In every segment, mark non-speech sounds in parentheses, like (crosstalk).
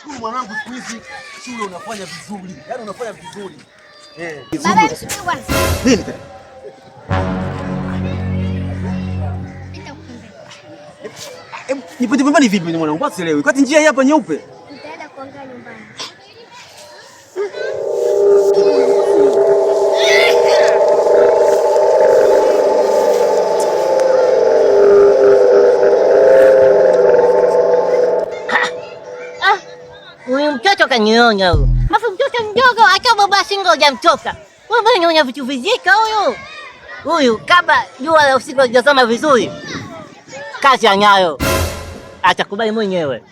Shukuru mwanangu, siku hizi shule unafanya vizuri, yaani unafanya vizuri. Eh, baba mshukuru bwana. Nini tena? Nipate pambani vipi mwanangu? Basi leo. Kati njia hapa nyeupe. Nitaenda kuangalia nyumbani. mtoto kanyonya huyo, alafu mtoto mdogo hata baba single hajamtoka. Wewe mbona unyonya vitu vizika huyu? Huyu kabla jua la usiku hajasoma vizuri. Kazi ya nyayo. Atakubali mwenyewe.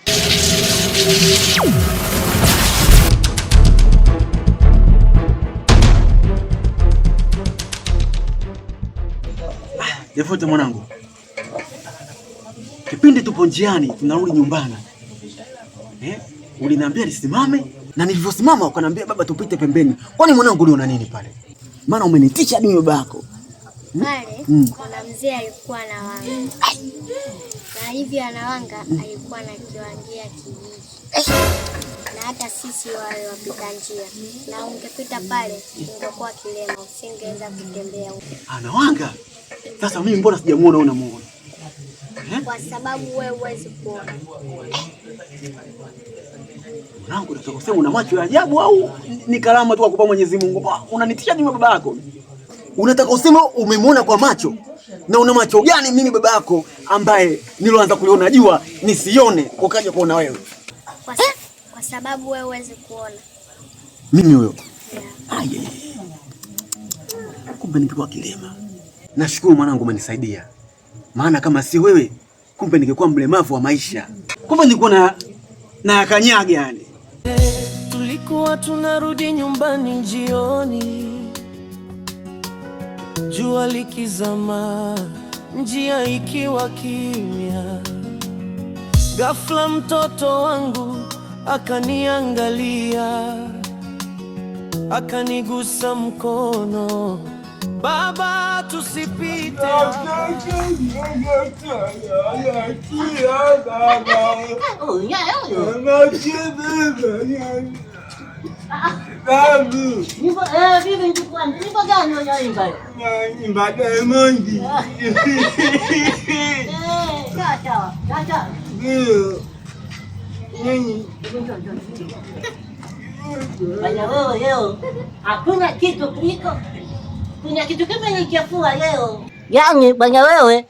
Devote mwanangu, kipindi tupo njiani tunarudi nyumbani eh? uliniambia nisimame na nilivyosimama ukaniambia baba, tupite pembeni. Kwani mwanangu, uli una nini pale? Maana umenitisha hadi baba yako hmm? pale. Mm. Kuna mzee alikuwa na wanga na hivi ana wanga mm. alikuwa na kiwangia kijiji na hata sisi wale wapita njia, na ungepita pale ungekuwa kilema, usingeweza kutembea. Ana wanga sasa. Mimi mbona sijamuona? una muone? Eh? kwa sababu wewe huwezi kuona Mwanangu, nataka kusema una macho ya ajabu au ni karama tu akupa Mwenyezi Mungu? Ah, unanitisha mimi baba yako. Unataka kusema umemwona kwa macho? Na una macho gani mimi baba yako ambaye niloanza kuliona jua nisione ukaja kuona wewe? Kwa, sa eh? Kwa sababu wewe huwezi kuona. Mimi huyo. Yeah. Yeah. Kumbe nilikuwa kilema. Nashukuru mwanangu umenisaidia. Maana kama si wewe kumbe ningekuwa mlemavu wa maisha. Kumbe nilikuwa na na kanyaga yani. Tulikuwa tunarudi nyumbani jioni, jua likizama, njia ikiwa kimya. Ghafla mtoto wangu akaniangalia, akanigusa mkono, baba, tusipite Babu. wewe leo hakuna kitu kuliko kuna kitu kimenichafua leo. Yaani bwana wewe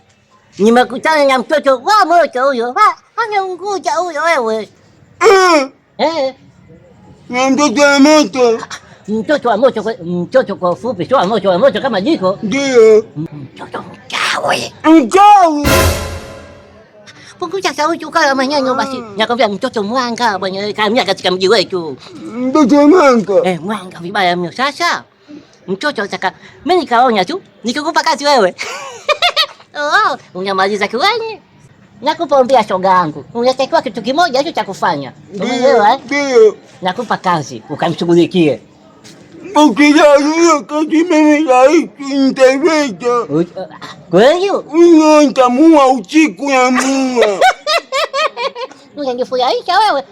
nimekutana na mtoto wa moto huyo. Anaunguja huyo wewe. Mm. Eh mtoto wa moto. Mtoto wa moto, mtoto kwa ufupi, sio moto wa moto kama jiko. Ndio mtoto mchawi, mchawi. Punguza sauti ukala manyanyo basi. Ah. Nakwambia mtoto mwanga bwana, kamia katika mji wetu. Mtoto mwanga. Eh, mwanga vibaya mno. Sasa mtoto ataka mimi nikaonya tu, nikikupa kazi wewe. (laughs) Oh, oh, unamaliza kiwani Nakupa umbia shoga yangu, unatakiwa kitu kimoja hicho cha kufanya, umeelewa eh? Ndio. Nakupa kazi ukamshughulikie. Ukiaaitaweatamua uchiku ya mua unanifurahisha wewe.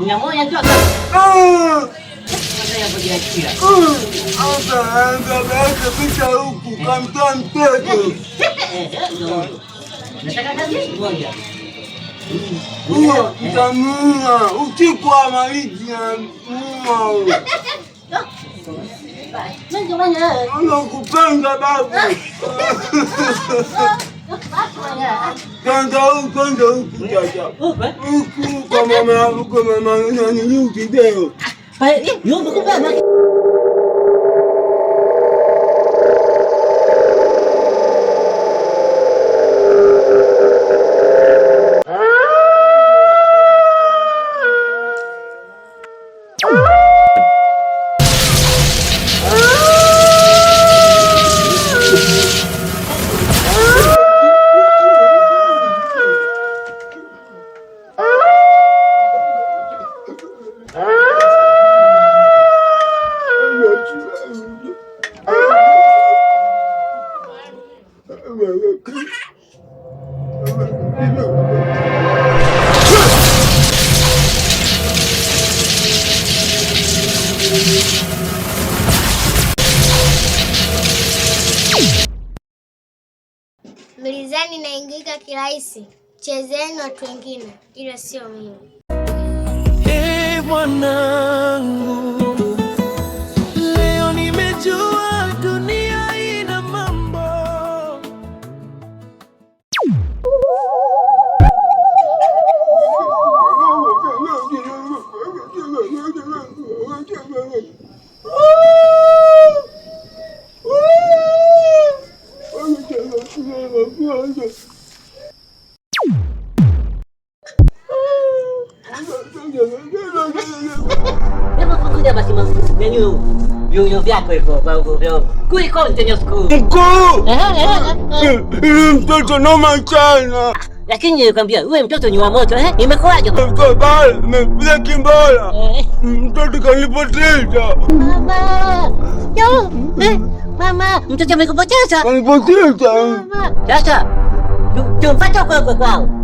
Mia moja tu akaanza huku (laughs) kamtoa mtoto. Utamua usiku wa maliji namua nakupanga babu (laughs) Dandan dandan ukú jaja. Ukú kọmọmọ ukú mọmọ iná ni yóò ti dé o. Yóò bukú bẹ́ẹ̀ náà. Oh! Gilizani naingika kirahisi, chezeni watu wengine, ila sio mimi. Hey, mwanangu Vyunyo vyako hivyo vya kuliko mtenyosku. Mkuu! Mtoto noma sana. Lakini nilikwambia wewe mtoto ni wa moto eh? Imekuwaje? Kwa bala, kimbala. Mtoto kanipoteza. Baba. Yo, mama, mtoto amekupoteza. Kanipoteza. Sasa, tumpata kwa kwao.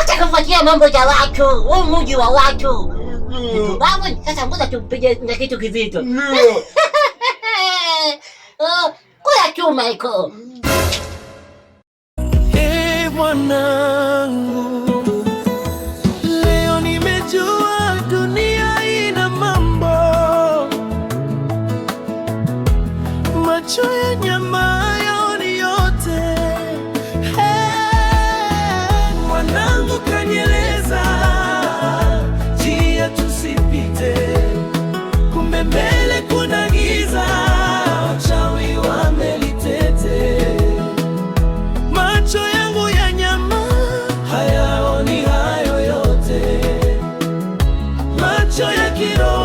Acha kufuatilia mambo ya watu, huu mji wa watu. Babu, sasa ngoja tumpige na kitu kizito. (laughs) Oh, kwa iko Hey, mwana it all.